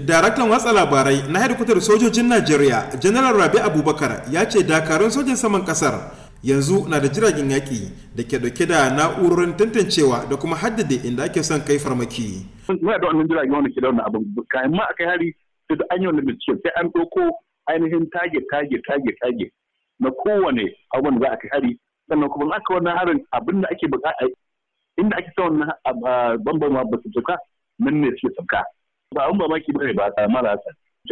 daraktan watsa labarai na hedikwatar sojojin najeriya general rabi abubakar ya ce dakarun sojin saman kasar yanzu na da jiragen yaƙi da ke dauke da na'urorin tantancewa da kuma haddade inda ake son kai farmaki. Muna da wannan jiragen wanda ke da wannan abin ma a hari sai da an yi wannan bincike sai an ɗauko ainihin tage tage tage tage na kowane abin da za a kai hari sannan kuma aka wannan harin abin da ake buƙata inda ake sa wannan ah, ah, bambama ba su tuka nan ne suke tuka. ba ba mamaki bane ba a marasa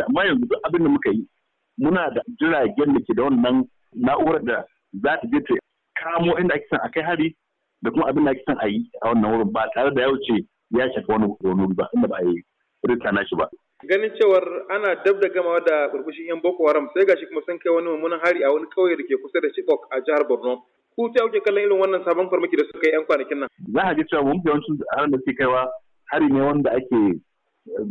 amma yanzu duk abin da muka yi muna da jiragen da ke da wannan na'urar da za ta je ta kamo inda ake son a kai hari da kuma abin da ake son a yi a wannan wurin ba tare da ya wuce ya shafi wani wani ba inda ba a yi rita na shi ba. Ganin cewar ana dab da gamawa da burbushin 'yan Boko Haram sai gashi kuma sun kai wani mummunan hari a wani kauye da ke kusa da Chibok a jihar Borno. Ku ta kuke kallon irin wannan sabon farmaki da suka yi 'yan kwanakin nan? Za a ji cewa mun yawancin da suke kaiwa hari ne wanda ake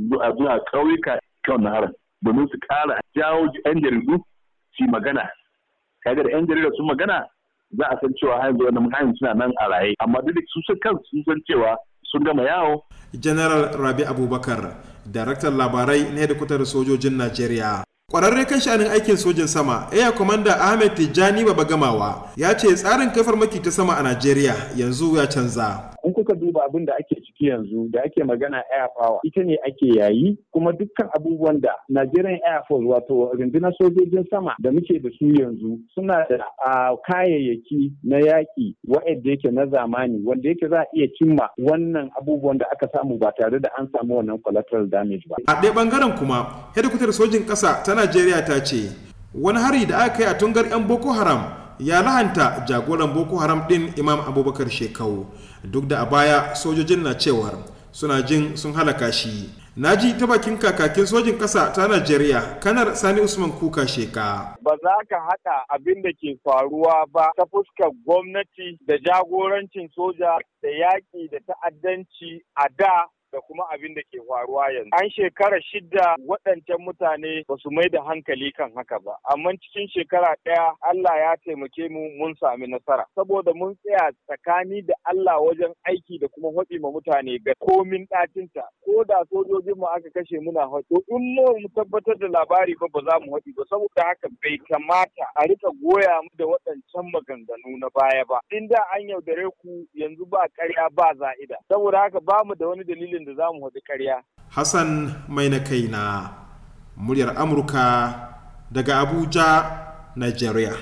zuwa ƙauyuka na harin domin su ƙara jawo 'yan jaridu su magana kaga da 'yan jarida sun magana za a san cewa yanzu wannan hayan suna nan a raye amma duk su sun kan sun san cewa sun gama yawo general rabi abubakar daraktan labarai na hedikwatar sojojin najeriya kwararre kan sha'anin aikin sojin sama air commander ahmed tijjani baba gamawa ya ce tsarin kafar maki ta sama a najeriya yanzu ya canza muka duba abin da ake ciki yanzu da ake magana air power ita ne ake yayi kuma dukkan abubuwan da Nigerian Air Force wato rundunar sojojin sama da muke da su yanzu suna da kayayyaki na yaƙi wa'anda yake na zamani wanda yake za a iya cimma wannan abubuwan da aka samu ba tare da an samu wannan collateral damage ba. A ɗaya bangaren kuma, hedikwatar sojin ƙasa ta Najeriya ta ce, wani hari da aka yi a tungar 'yan Boko Haram ya lahanta jagoran boko haram din imam abubakar shekau duk da a baya sojojin na cewar suna jin sun halaka shi naji ta bakin kakakin sojin ƙasa ta najeriya kanar sani usman kuka sheka ba za ka haɗa abin da ke faruwa ba ta fuskar gwamnati da jagorancin soja da yaƙi da ta'addanci a da da kuma abin da ke faruwa yanzu. An shekara shida waɗancan mutane ba su mai da hankali kan haka ba, amma cikin shekara ɗaya Allah ya taimake mu mun sami nasara. Saboda mun tsaya tsakani da Allah wajen aiki da kuma haɗi ma mutane ga komin ɗacinta. Ko da sojojin mu aka kashe muna haɗo, in mu tabbatar da labari ba ba za mu haɗi ba saboda haka bai kamata a rika goya mu da waɗancan maganganu na baya ba. In da an yaudare ku yanzu ba ƙarya ba za'ida. Saboda haka ba mu da wani dalilin lokacin da za mu haɗu ƙarya. Hassan mai na kai na muryar Amurka daga Abuja, Nigeria.